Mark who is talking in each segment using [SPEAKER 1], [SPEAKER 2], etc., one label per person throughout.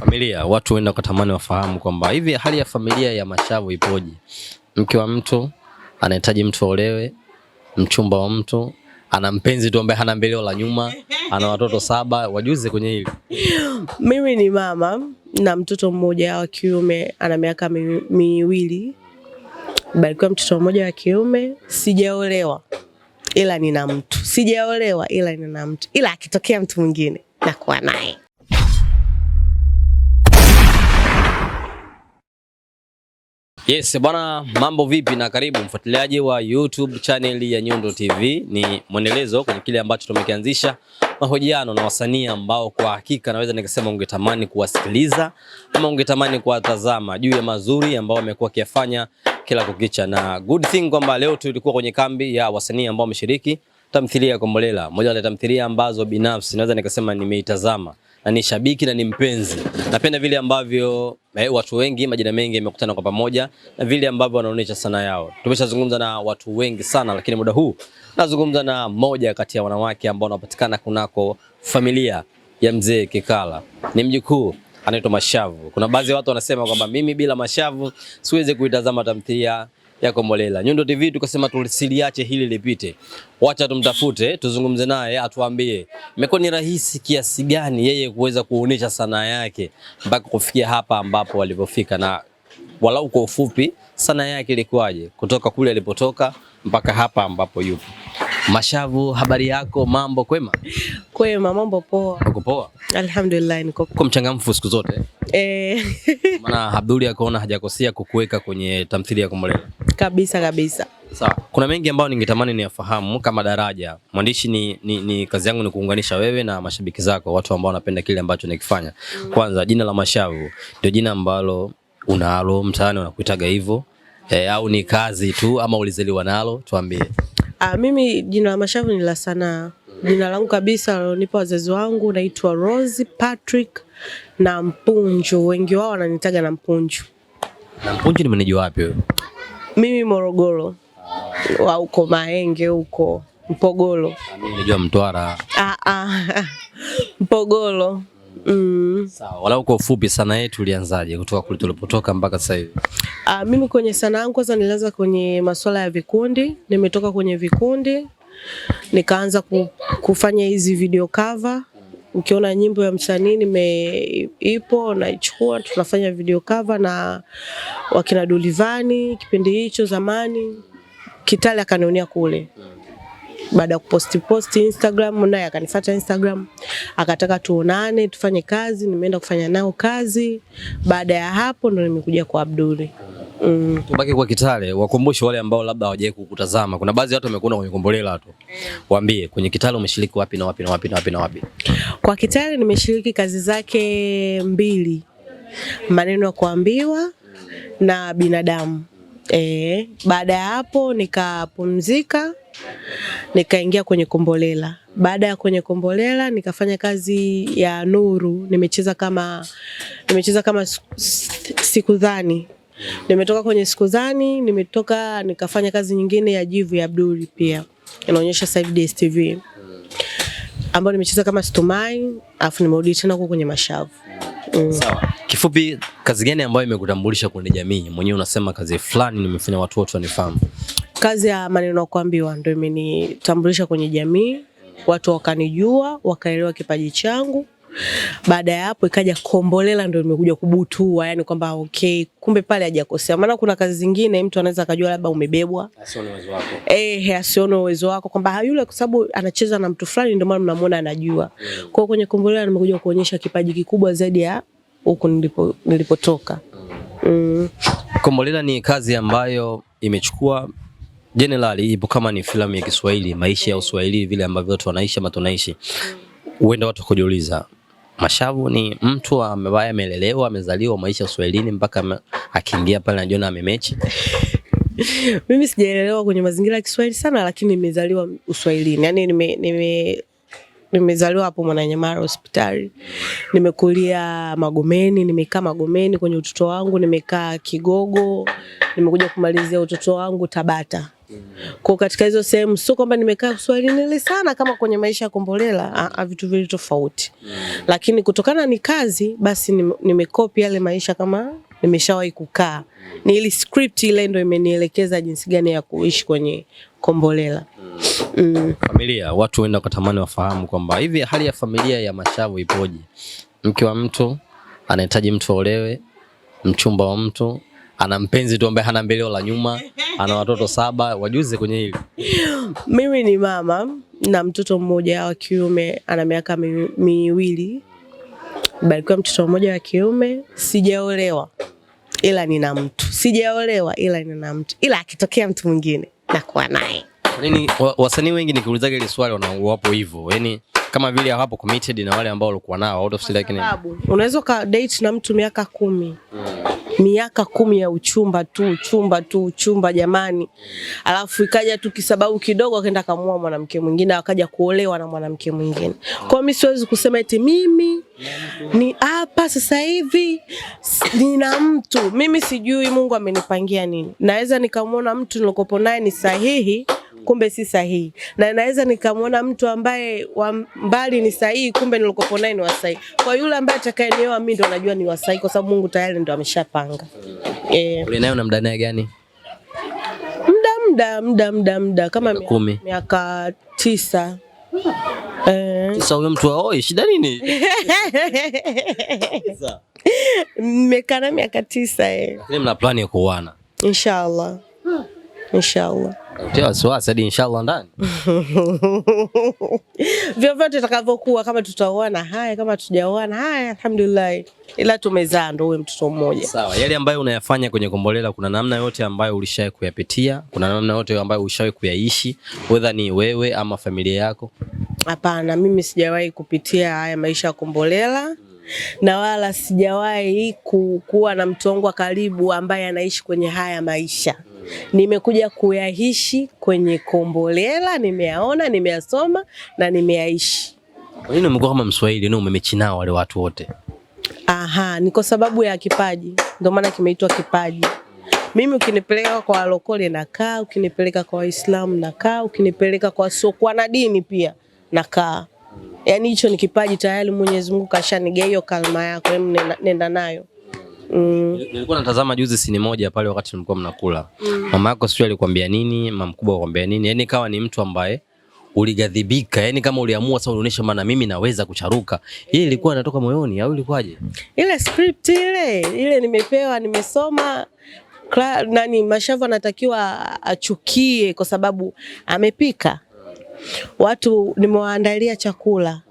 [SPEAKER 1] Familia, watu wenda wakatamani wafahamu kwamba hivi hali ya familia ya Mashavu ipoje? Mke wa mtu anahitaji mtu aolewe, mchumba wa mtu ana mpenzi tu ambaye hana mbeleo la nyuma, ana watoto saba. Wajuze kwenye hili.
[SPEAKER 2] Mimi ni mama na mtoto mmoja wa kiume, ana miaka miwili, barikiwa mtoto mmoja wa kiume. Sijaolewa ila nina mtu, sijaolewa ila nina mtu, ila akitokea mtu mwingine nakuwa naye.
[SPEAKER 1] Yes bwana, mambo vipi na karibu mfuatiliaji wa YouTube channel ya Nyundo TV. Ni mwendelezo kwenye kile ambacho tumekianzisha, mahojiano na wasanii ambao kwa hakika naweza nikasema ungetamani kuwasikiliza ama ungetamani kuwatazama juu ya mazuri ambao wamekuwa wakiyafanya kila kukicha, na good thing kwamba leo tulikuwa kwenye kambi ya wasanii ambao wameshiriki tamthilia ya Kombolela, moja ya tamthilia ambazo binafsi naweza nikasema nimeitazama na ni shabiki na ni mpenzi. Napenda vile ambavyo eh, watu wengi majina mengi yamekutana kwa pamoja na vile ambavyo wanaonyesha sanaa yao. Tumeshazungumza na watu wengi sana, lakini muda huu nazungumza na moja kati ya wanawake ambao wanapatikana kunako familia ya mzee Kikala, ni mjukuu anaitwa Mashavu. Kuna baadhi ya watu wanasema kwamba mimi bila Mashavu siwezi kuitazama tamthilia ya Kombolela. Nyundo TV tukasema tulisiliache hili lipite, wacha tumtafute, tuzungumze naye, atuambie imekuwa ni rahisi kiasi gani yeye kuweza kuonesha sanaa yake mpaka kufikia hapa ambapo walipofika, na walau kwa ufupi sanaa yake ilikuwaje kutoka kule alipotoka mpaka hapa ambapo yupo. Mashavu, habari yako? Mambo kwema?
[SPEAKER 2] Kwema, mambo poa. Uko poa? Alhamdulillah, niko
[SPEAKER 1] poa. Uko mchangamfu siku zote eh? Maana Abduli akaona hajakosea kukuweka kwenye tamthilia ya Kombolela
[SPEAKER 2] kabisa kabisa.
[SPEAKER 1] Sawa, kuna mengi ambayo ningetamani niyafahamu kama daraja. Mwandishi ni, ni, ni kazi yangu ni kuunganisha wewe na mashabiki zako, watu ambao wanapenda kile ambacho nakifanya. Mm. Kwanza jina la Mashavu ndio jina ambalo unalo mtaani wanakuitaga hivyo e, au ni kazi tu ama ulizaliwa nalo? Tuambie.
[SPEAKER 2] Ah, mimi jina la Mashavu ni la sanaa. Jina langu kabisa alonipa wazazi wangu naitwa Rose Patrick na Mpunju, wengi wao wananitaga na Mpunju.
[SPEAKER 1] Na Mpunju ni meneja wapi wewe?
[SPEAKER 2] Mimi Morogoro wa huko Mahenge huko Mpogolo.
[SPEAKER 1] Mimi najua Mtwara.
[SPEAKER 2] Ah ah. Mpogolo. Mm.
[SPEAKER 1] Sawa, wala uko ufupi sana yetu ulianzaje kutoka kule tulipotoka mpaka sasa hivi?
[SPEAKER 2] Ah, mimi kwenye sanaa yangu kwanza nilianza kwenye masuala ya vikundi, nimetoka kwenye vikundi nikaanza kufanya hizi video cover ukiona nyimbo ya msanii nime ipo naichukua, tunafanya video cover na wakina Dulivani kipindi hicho zamani. Kitale akanionia kule, baada ya kuposti posti Instagram, naye akanifuata Instagram, akataka tuonane tufanye kazi. Nimeenda kufanya nao kazi. Baada ya hapo ndo nimekuja kwa Abduli.
[SPEAKER 1] Mm. Tubaki kwa Kitale, wakumbushe wale ambao labda hawajawahi kukutazama. Kuna baadhi ya watu wamekuona kwenye Kombolela tu. Eh. Waambie kwenye Kitale umeshiriki wapi na wapi na wapi na wapi na wapi?
[SPEAKER 2] Kwa Kitale nimeshiriki kazi zake mbili. Maneno ya kuambiwa na binadamu. E, baada ya hapo nikapumzika nikaingia kwenye Kombolela. Baada ya kwenye Kombolela nikafanya kazi ya Nuru, nimecheza kama nimecheza kama siku dhani Nimetoka kwenye Sikuzani, nimetoka nikafanya kazi nyingine ya Jivu ya Abduli pia inaonyesha sasa hivi DSTV ambayo nimecheza kama Stumai, afu nimerudi tena huko kwenye Mashavu.
[SPEAKER 1] Mm. Sawa. Kifupi, kazi gani ambayo imekutambulisha kwenye jamii? Mwenyewe unasema kazi fulani nimefanya watu wote wanifahamu.
[SPEAKER 2] Kazi ya maneno ya kuambiwa ndio imenitambulisha kwenye jamii, watu wakanijua, wakaelewa kipaji changu baada ya hapo ikaja Kombolela, ndio nimekuja kubutua, yani kwamba okay, kumbe pale hajakosea. Maana kuna kazi zingine mtu anaweza akajua labda umebebwa, asione uwezo wako eh, asione uwezo wako kwamba yule, kwa sababu anacheza na mtu fulani, ndio maana mnamuona anajua. Mm. Kwa hiyo kwenye Kombolela nimekuja kuonyesha kipaji kikubwa zaidi ya huko nilipo nilipotoka. Mm. mm.
[SPEAKER 1] Kombolela ni kazi ambayo imechukua generally ipo kama ni filamu ya Kiswahili, maisha ya Uswahili, vile ambavyo watu wanaishi ama tunaishi. Mm. Huenda watu kujiuliza Mashavu ni mtu ambaye amelelewa, amezaliwa, maisha Uswahilini mpaka akiingia pale anajiona amemechi.
[SPEAKER 2] Mimi sijaelelewa kwenye mazingira ya Kiswahili sana, lakini nimezaliwa Uswahilini, yaani nime, nime nimezaliwa hapo Mwananyamala hospitali, nimekulia Magomeni, nimekaa Magomeni kwenye utoto wangu, nimekaa Kigogo, nimekuja kumalizia utoto wangu Tabata. Kwa katika hizo sehemu sio kwamba nimekaa Kiswahilini sana kama kwenye maisha ya Kombolela, vitu vile tofauti. Lakini kutokana ni kazi, basi nimekopi yale maisha kama nimeshawahi kukaa. Ni ile script ile ndio imenielekeza jinsi gani ya kuishi kwenye Kombolela. Mm.
[SPEAKER 1] Familia, watu huenda wakatamani wafahamu kwamba hivi hali ya familia ya Mashavu ipoje? Mke wa mtu anahitaji mtu aolewe, mchumba wa mtu ana mpenzi tu ambaye hana mbeleo la nyuma, ana watoto saba. Wajuze kwenye hili.
[SPEAKER 2] Mimi ni mama na mtoto mmoja wa kiume, ana miaka miwili, barikiwa mtoto mmoja wa kiume. Sijaolewa ila nina mtu, sijaolewa ila nina mtu, ila akitokea mtu mwingine nakuwa naye.
[SPEAKER 1] Kwa nini wasanii wengi nikiulizaga ile swali wanawapo hivyo, yani kama vile hapo committed na wale ambao walikuwa nao out of like
[SPEAKER 2] unaweza ka date na mtu miaka kumi mm. miaka kumi ya uchumba tu uchumba tu uchumba jamani, alafu ikaja tu kisababu kidogo akaenda kamua mwanamke mwingine, akaja kuolewa na mwanamke mwingine. Kwa mimi siwezi kusema eti mimi ni hapa sasa hivi nina mtu, mimi sijui Mungu amenipangia nini. Naweza nikamwona mtu nilokopo naye ni sahihi Mm. kumbe si sahihi, na naweza nikamwona mtu ambaye wa mbali ni sahihi, kumbe nilikopo naye ni wasahihi. Kwa yule ambaye atakayenioa mimi ndo najua ni wasahi, kwa sababu Mungu tayari ndo ameshapanga. Mm. Eh,
[SPEAKER 1] ule naye una muda naye gani?
[SPEAKER 2] Muda muda muda muda kama miaka tisa.
[SPEAKER 1] Eh. Sasa huyo mtu aoi, shida nini?
[SPEAKER 2] Mmekana miaka tisa eh.
[SPEAKER 1] Mna plani ya kuoana?
[SPEAKER 2] Inshallah. Inshallah.
[SPEAKER 1] Utia wasiwasi hadi inshallah ndani.
[SPEAKER 2] Vyovyote itakavyokuwa kama tutaoana haya kama tujaoana haya alhamdulillah. Ila tumezaa ndo uwe mtoto mmoja.
[SPEAKER 1] Sawa, yale ambayo unayafanya kwenye Kombolela kuna namna yote ambayo ulishawahi kuyapitia, kuna namna yote ambayo ulishawahi kuyaishi, whether ni wewe ama familia yako?
[SPEAKER 2] Hapana, mimi sijawahi kupitia haya maisha ya Kombolela mm. na wala sijawahi kuwa na mtu wangu wa karibu ambaye anaishi kwenye haya maisha nimekuja kuyaishi kwenye Kombolela, nimeyaona, nimeyasoma na nimeyaishi.
[SPEAKER 1] Kwa nini umekuwa kama Mswahili na umemechinao wale watu wote?
[SPEAKER 2] Aha, ni kwa sababu ya kipaji, ndio maana kimeitwa kipaji. Mimi ukinipeleka kwa walokole nakaa, ukinipeleka kwa Waislamu nakaa, ukinipeleka kwa sokuwa na dini pia nakaa. Yaani hicho ni kipaji tayari, Mwenyezi Mungu kashaniga hiyo kalma yako, nenda nayo. Mm.
[SPEAKER 1] Nilikuwa natazama juzi sini moja pale wakati mlikuwa mnakula. Mm. Mama yako sio alikwambia nini? Mama mkubwa alikwambia nini? Yaani kawa ni mtu ambaye uligadhibika, yaani kama uliamua sasa unaonesha maana mimi naweza kucharuka. Hii ilikuwa inatoka moyoni au ilikuwaje?
[SPEAKER 2] Ile script ile, ile nimepewa, nimesoma Kla, nani Mashavu anatakiwa achukie kwa sababu amepika. Watu nimewaandalia chakula.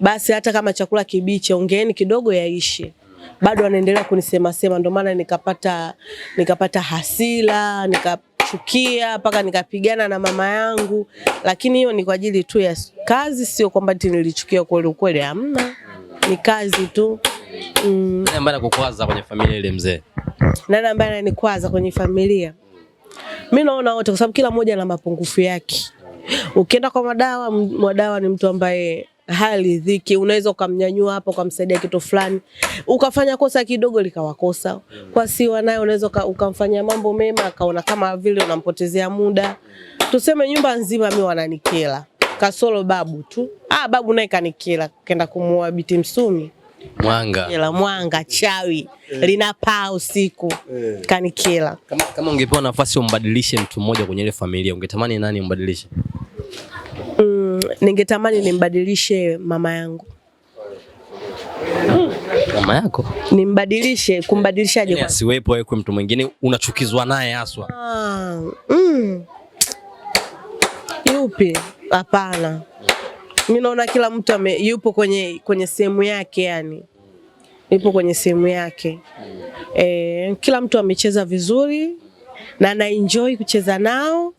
[SPEAKER 2] Basi hata kama chakula kibichi, ongeeni kidogo yaishi bado wanaendelea kunisema sema, ndio maana nikapata nikapata hasira nikachukia mpaka nikapigana na mama yangu, lakini hiyo ni kwa ajili tu ya kazi, sio kwamba ati nilichukia kweli kweli, hamna, ni kazi tu mm. Nani
[SPEAKER 1] ambaye anakukwaza kwenye familia ile mzee?
[SPEAKER 2] Nani ambaye ananikwaza kwenye familia? Mimi naona wote, kwa sababu kila mmoja ana mapungufu yake. Ukienda kwa Madawa, Madawa ni mtu ambaye dhiki, unaweza ukamnyanyua hapo ukamsaidia kitu fulani, ukafanya kosa kidogo likawa kosa. Kwa siwa naye unaweza ukamfanyia mambo mema akaona kama vile unampotezea muda. Tuseme nyumba nzima mimi wananikela kasolo babu tu. Ah, babu naye kanikela, kenda kumuoa Biti Msumi Mwanga. Kila mwanga chawi mm. Linapaa usiku mm. Kanikela.
[SPEAKER 1] Kama, kama ungepewa nafasi umbadilishe mtu mmoja kwenye ile familia ungetamani nani umbadilishe?
[SPEAKER 2] ningetamani nimbadilishe mama yangu. Mama yako nimbadilishe? Kumbadilishaje? Yaani
[SPEAKER 1] asiwepo kwa mtu mwingine, unachukizwa naye haswa?
[SPEAKER 2] Ah, mm. Yupi? Hapana, mimi naona kila mtu ame, yupo kwenye kwenye sehemu yake, yani yupo kwenye sehemu yake e, kila mtu amecheza vizuri na na enjoy kucheza nao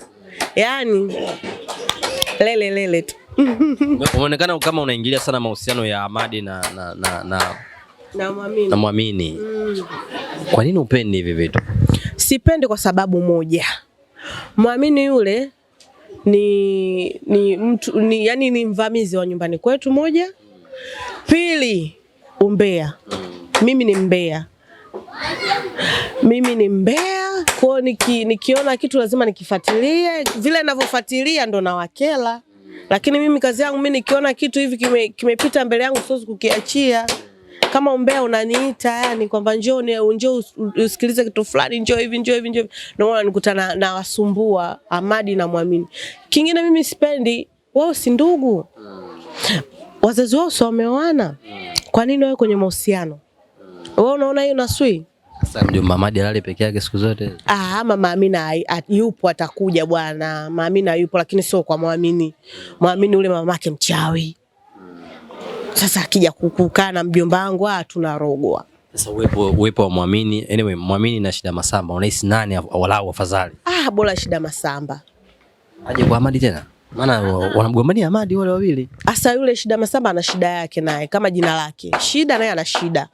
[SPEAKER 2] yani lele lele tu.
[SPEAKER 1] Umeonekana kama unaingilia sana mahusiano ya amadi na na na na Mwamini. Na Mwamini. Mm. Kwa nini upendi hivi vitu?
[SPEAKER 2] Sipendi kwa sababu moja. mwamini yule ni ni mtu ni, yani ni mvamizi wa nyumbani kwetu moja. Pili, umbea. Mm. Mimi ni mbea. Mimi ni mbea kwao, niki, nikiona kitu lazima nikifuatilie, vile ninavyofuatilia ndo nawakela. Lakini mimi kazi yangu mimi nikiona kitu hivi kimepita kime mbele yangu siwezi kukiachia. Kama umbea unaniita yani kwamba njoo njoo usikilize kitu fulani, njoo hivi njoo hivi njoo hivi, ndio unanikutana na wasumbua Amadi na Mwamini. Kingine mimi sipendi wao, si ndugu wazazi wao, si wameoana? Kwa nini wao kwenye mahusiano wewe oh, unaona hiyo naswi?
[SPEAKER 1] Sasa mjomba Hamadi alale peke yake siku zote.
[SPEAKER 2] Ah, mama Amina yupo atakuja bwana. Mama Amina yupo lakini sio kwa muamini. Muamini ule mamake mchawi. Sasa akija kukukaa na mjomba wangu ah, tunarogwa.
[SPEAKER 1] Sasa uwepo uwepo wa muamini, anyway muamini na Shida Masamba, unahisi nani walau afadhali?
[SPEAKER 2] Ah, bora Shida Masamba.
[SPEAKER 1] Aje kwa Amadi tena? Maana wanamgombania Amadi wale wawili.
[SPEAKER 2] Asa yule Shida Masamba ana shida yake naye kama jina lake. Shida naye ana shida.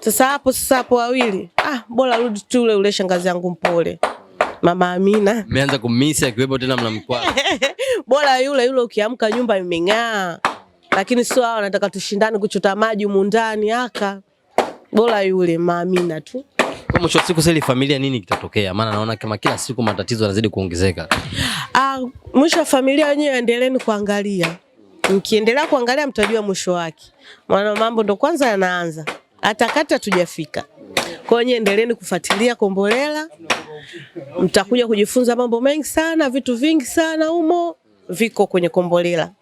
[SPEAKER 2] Sasa hapo sasa hapo wawili, ah, bora rudi tu ule ule shangazi yangu mpole Mama Amina.
[SPEAKER 1] Mmeanza kumisi akiwepo tena mnamkwaa.
[SPEAKER 2] Bora yule yule ukiamka nyumba imeng'aa. Lakini sio hao wanataka tushindane kuchota maji humu ndani aka. Bora yule Mama Amina tu.
[SPEAKER 1] Kwa mwisho siku sasa familia nini kitatokea? Maana naona kama kila siku matatizo yanazidi kuongezeka.
[SPEAKER 2] Ah, mwisho wa familia wenyewe endeleeni kuangalia. Mkiendelea kuangalia mtajua mwisho wake. Maana mambo ndo kwanza yanaanza atakata tujafika. Kwa hiyo endeleeni kufuatilia Kombolela, mtakuja kujifunza mambo mengi sana, vitu vingi sana humo viko kwenye Kombolela.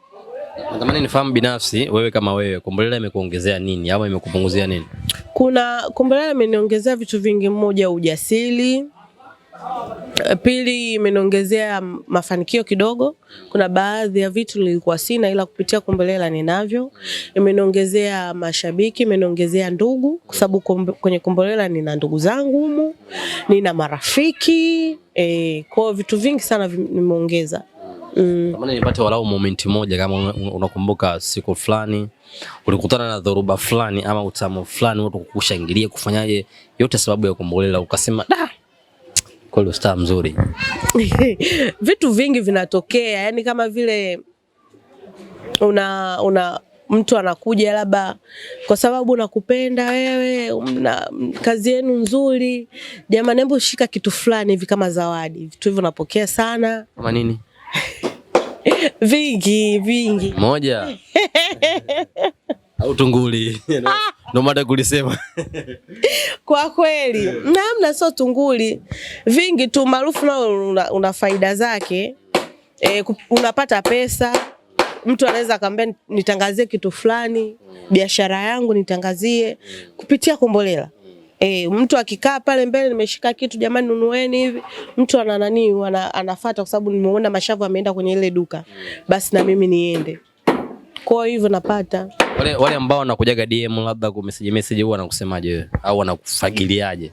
[SPEAKER 1] Natamani nifahamu binafsi, wewe kama wewe, Kombolela imekuongezea nini ama imekupunguzia nini?
[SPEAKER 2] Kuna Kombolela imeniongezea vitu vingi, mmoja ujasiri Pili, imeniongezea mafanikio kidogo. Kuna baadhi ya vitu nilikuwa sina, ila kupitia Kombolela ninavyo. Imeniongezea mashabiki, imeniongezea ndugu, kwa sababu kwenye Kombolela nina ndugu zangu humu, nina marafiki e, kwa vitu vingi sana nimeongeza. Mm.
[SPEAKER 1] nipate walau moment moja, kama unakumbuka siku fulani ulikutana na dhoruba fulani ama utamu fulani, watu kukushangilia kufanyaje, yote sababu ya Kombolela, ukasema da kweli ustaa mzuri
[SPEAKER 2] vitu vingi vinatokea, yani kama vile una, una mtu anakuja labda kwa sababu nakupenda wewe, na kazi yenu nzuri jamani, hebu shika kitu fulani hivi kama zawadi. Vitu hivyo napokea sana. Kama nini? vingi vingi,
[SPEAKER 1] moja au tunguli ndo ah! mada kulisema.
[SPEAKER 2] Kwa kweli namna, sio tunguli vingi tu maarufu, nao una, una faida zake e, unapata pesa. Mtu anaweza akamwambia nitangazie kitu fulani, biashara yangu nitangazie kupitia Kombolela. E, mtu akikaa pale mbele, nimeshika kitu jamani, nunueni hivi, mtu ana nani ana, anafuata kwa sababu nimeona mashavu ameenda kwenye ile duka, basi na mimi niende. Kwa hivyo napata
[SPEAKER 1] wale, wale ambao wanakujaga DM labda kwa message message huwa wanakusemaje wewe au wanakufagiliaje?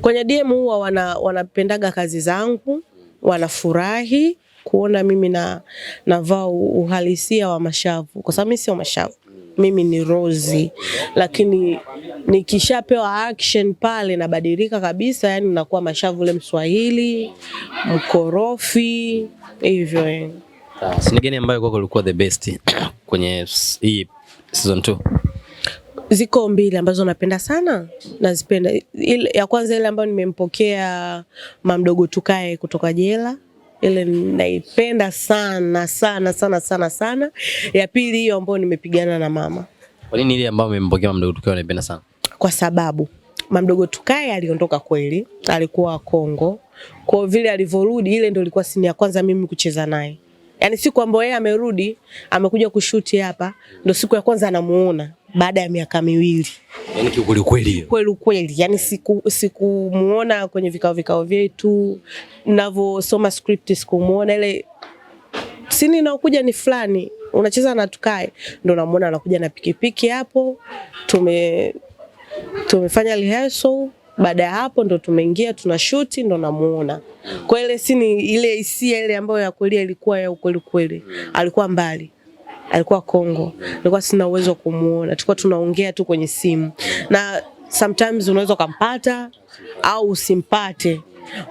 [SPEAKER 2] Kwenye DM huwa wana, wanapendaga kazi zangu, wanafurahi kuona mimi na navaa uhalisia wa mashavu, kwa sababu mimi sio mashavu, mimi ni Rozi, lakini nikishapewa action pale nabadilika kabisa, yani nakuwa mashavu ule Mswahili mkorofi hivyo.
[SPEAKER 1] gani ambayo kwako ulikuwa the best kwenye hii season 2?
[SPEAKER 2] Ziko mbili ambazo napenda sana, nazipenda. Ya kwanza ile ambayo nimempokea mamdogo tukae kutoka jela ile naipenda sana sana sana sana sana. Ya pili hiyo ambayo nimepigana na mama.
[SPEAKER 1] Kwa nini ile ambayo nimempokea mamdogo tukae unaipenda sana?
[SPEAKER 2] Kwa sababu mamdogo tukae aliondoka kweli, alikuwa Kongo. Kwa vile alivyorudi, ile ndio ilikuwa sini ya kwanza mimi kucheza naye Yaani siku ambayo yeye amerudi amekuja kushuti hapa ndo siku ya kwanza anamuona baada ya miaka miwili.
[SPEAKER 1] Yaani kiukweli kweli.
[SPEAKER 2] Kweli kweli. Yaani siku sikumuona kwenye vikao vikao vyetu ninavyosoma script sikumuona ile sini naokuja ni fulani unacheza na tukae ndo namuona anakuja na pikipiki hapo tume tumefanya rehearsal baada ya hapo ndo tumeingia tuna shuti ndo namuona. Kwa ile si ni ile hisia ile ambayo ya kulia ilikuwa ya ukweli kweli. Alikuwa mbali. Alikuwa Kongo. Nilikuwa sina uwezo kumuona. Tulikuwa tunaongea tu kwenye simu. Na sometimes unaweza ukampata au usimpate.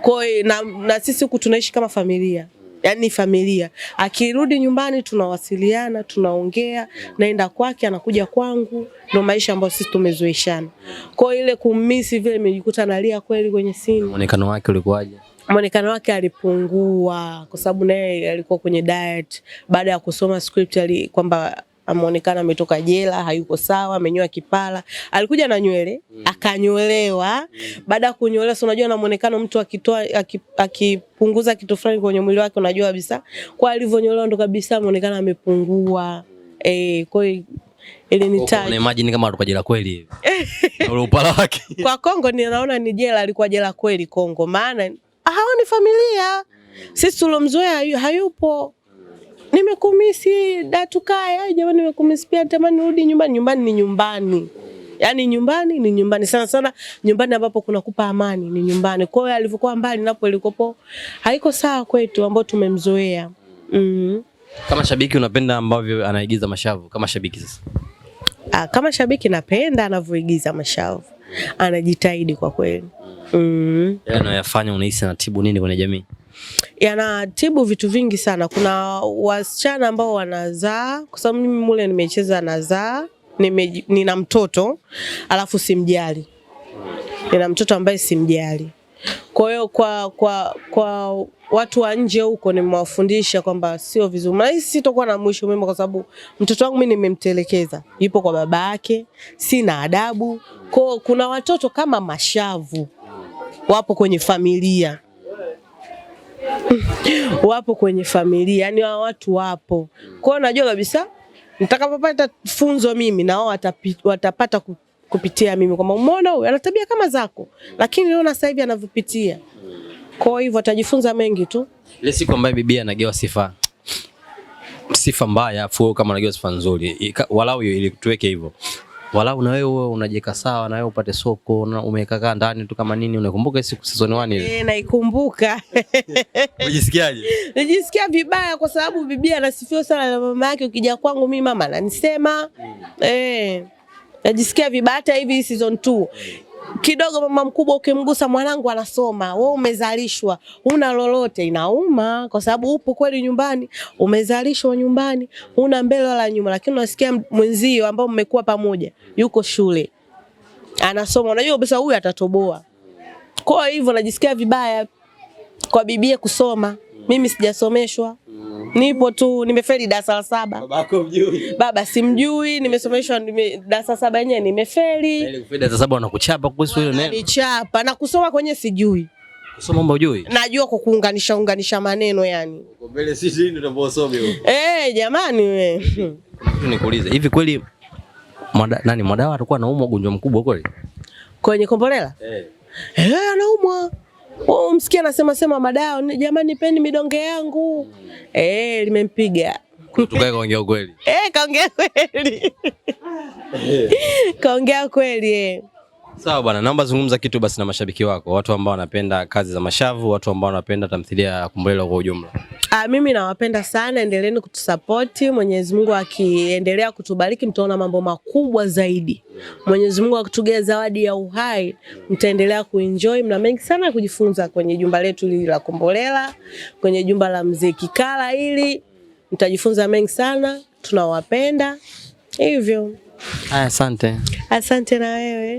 [SPEAKER 2] Kwa na, na sisi huku tunaishi kama familia yani familia. Akirudi nyumbani tunawasiliana, tunaongea, naenda kwake, anakuja kwangu, ndio maisha ambayo sisi tumezoeshana. Kwa ile kumisi vile nimejikuta nalia kweli kwenye simu.
[SPEAKER 1] Muonekano wake ulikuwaje?
[SPEAKER 2] Mwonekano wake alipungua kwa sababu naye alikuwa kwenye diet baada ya kusoma script ali kwamba ameonekana ametoka jela, hayuko sawa, amenyoa kipara. Alikuja na nywele mm. akanyolewa mm. baada ya kunyolewa, si unajua na muonekano mtu akitoa akipunguza kitu fulani kwenye mwili wake, unajua kabisa kwa alivyonyolewa ndo kabisa ameonekana amepungua mm. eh, kwa ni ili nitaje,
[SPEAKER 1] imagine kama alikuwa jela kweli hivi
[SPEAKER 2] ule upala wake kwa Kongo, ninaona ni jela, alikuwa jela kweli Kongo, maana hawa ni familia, mm. sisi tulomzoea hayupo nimekumisi Ai jamani, nimekumisi pia, natamani rudi nyumbani. Nyumbani ni nyumbani, yaani nyumbani ni nyumbani sana sana, nyumbani ambapo kuna kupa amani ni nyumbani. Kwa hiyo alivyokuwa mbali napo ilikopo haiko sawa kwetu ambao tumemzoea mm.
[SPEAKER 1] Kama shabiki unapenda ambavyo anaigiza Mashavu kama shabiki sasa?
[SPEAKER 2] Ah, kama shabiki napenda anavyoigiza Mashavu, anajitahidi kwa kweli mm. Mm-hmm.
[SPEAKER 1] Anayafanya unahisi anatibu nini kwenye jamii?
[SPEAKER 2] yanatibu vitu vingi sana. Kuna wasichana ambao wanazaa, kwa sababu mimi mule nimecheza nazaa, nime, nina mtoto alafu simjali, nina mtoto ambaye simjali. Kwa hiyo kwa, kwa, kwa watu wa nje huko nimewafundisha kwamba sio vizuri, na hii sitokuwa na mwisho mwema, kwa sababu mtoto wangu mimi nimemtelekeza, yupo kwa baba yake, sina adabu. Kwa kuna watoto kama mashavu wapo kwenye familia wapo kwenye familia, yani hawa watu wapo. Kwa hiyo najua kabisa nitakapopata funzo mimi na wao watapata kupitia mimi, kwamba umeona huyu ana tabia kama zako, lakini na sasa hivi anavyopitia. Kwa hivyo atajifunza mengi tu.
[SPEAKER 1] Ile siku ambayo bibi anagewa sifa sifa mbaya afu kama anagewa sifa nzuri, walau hiyo ili tuweke hivyo walau na wewe unajeka sawa, na wewe upate soko, umekaa kaa ndani tu kama nini. Unakumbuka siku season 1 ile?
[SPEAKER 2] Eh, naikumbuka.
[SPEAKER 1] Unajisikiaje?
[SPEAKER 2] Najisikia vibaya kwa sababu bibi anasifiwa sana na mama yake. Ukija kwangu mimi mama ananisema. Mm. Eh. Najisikia vibaya hata hivi season 2 kidogo mama mkubwa ukimgusa mwanangu anasoma, wewe umezalishwa, una lolote, inauma kwa sababu upo kweli nyumbani, umezalishwa nyumbani, una mbele wala nyuma, lakini unasikia mwenzio ambao mmekuwa pamoja yuko shule anasoma, unajua kabisa huyu atatoboa. Kwa hivyo najisikia vibaya kwa bibie kusoma, mimi sijasomeshwa. Nipo tu, nimefeli darasa la saba. Babako mjui? Baba simjui, nimesomeshwa nime, darasa saba yenyewe nimefeli. Ile yaani
[SPEAKER 1] kufeli darasa saba wanakuchapa kuhusu hilo neno.
[SPEAKER 2] Nichapa na kusoma kwenye sijui.
[SPEAKER 1] Kusoma mambo ujui?
[SPEAKER 2] Najua kwa kuunganisha unganisha maneno yani.
[SPEAKER 1] Kwa mbele sisi ndio tunaposoma huko.
[SPEAKER 2] Eh, jamani we.
[SPEAKER 1] Nikuulize, hivi kweli mwada, nani Mwadawa atakuwa anaumwa ugonjwa mkubwa kweli?
[SPEAKER 2] Kwenye Kombolela? Eh. Eh, anaumwa. Oh, msikia anasema sema madao, jamani peni midonge yangu. Eh, limempiga.
[SPEAKER 1] Tukae kaongea kweli.
[SPEAKER 2] Eh, kaongea kweli. Eh. Kaongea kweli eh.
[SPEAKER 1] Sawa bwana, naomba zungumza kitu basi na mashabiki wako, watu ambao wanapenda kazi za mashavu, watu ambao wanapenda tamthilia ya Kombolela kwa ujumla.
[SPEAKER 2] Ah, mimi nawapenda sana, endeleeni kutusapoti. Mwenyezi Mungu akiendelea kutubariki, mtaona mambo makubwa zaidi. Mwenyezi Mungu akitugea zawadi ya uhai, mtaendelea kuenjoy. Mna mengi sana kujifunza kwenye jumba letu hili la Kombolela, kwenye jumba la mzee Kikala hili, mtajifunza mengi sana. Tunawapenda hivyo.
[SPEAKER 1] Asante.
[SPEAKER 2] Asante na wewe.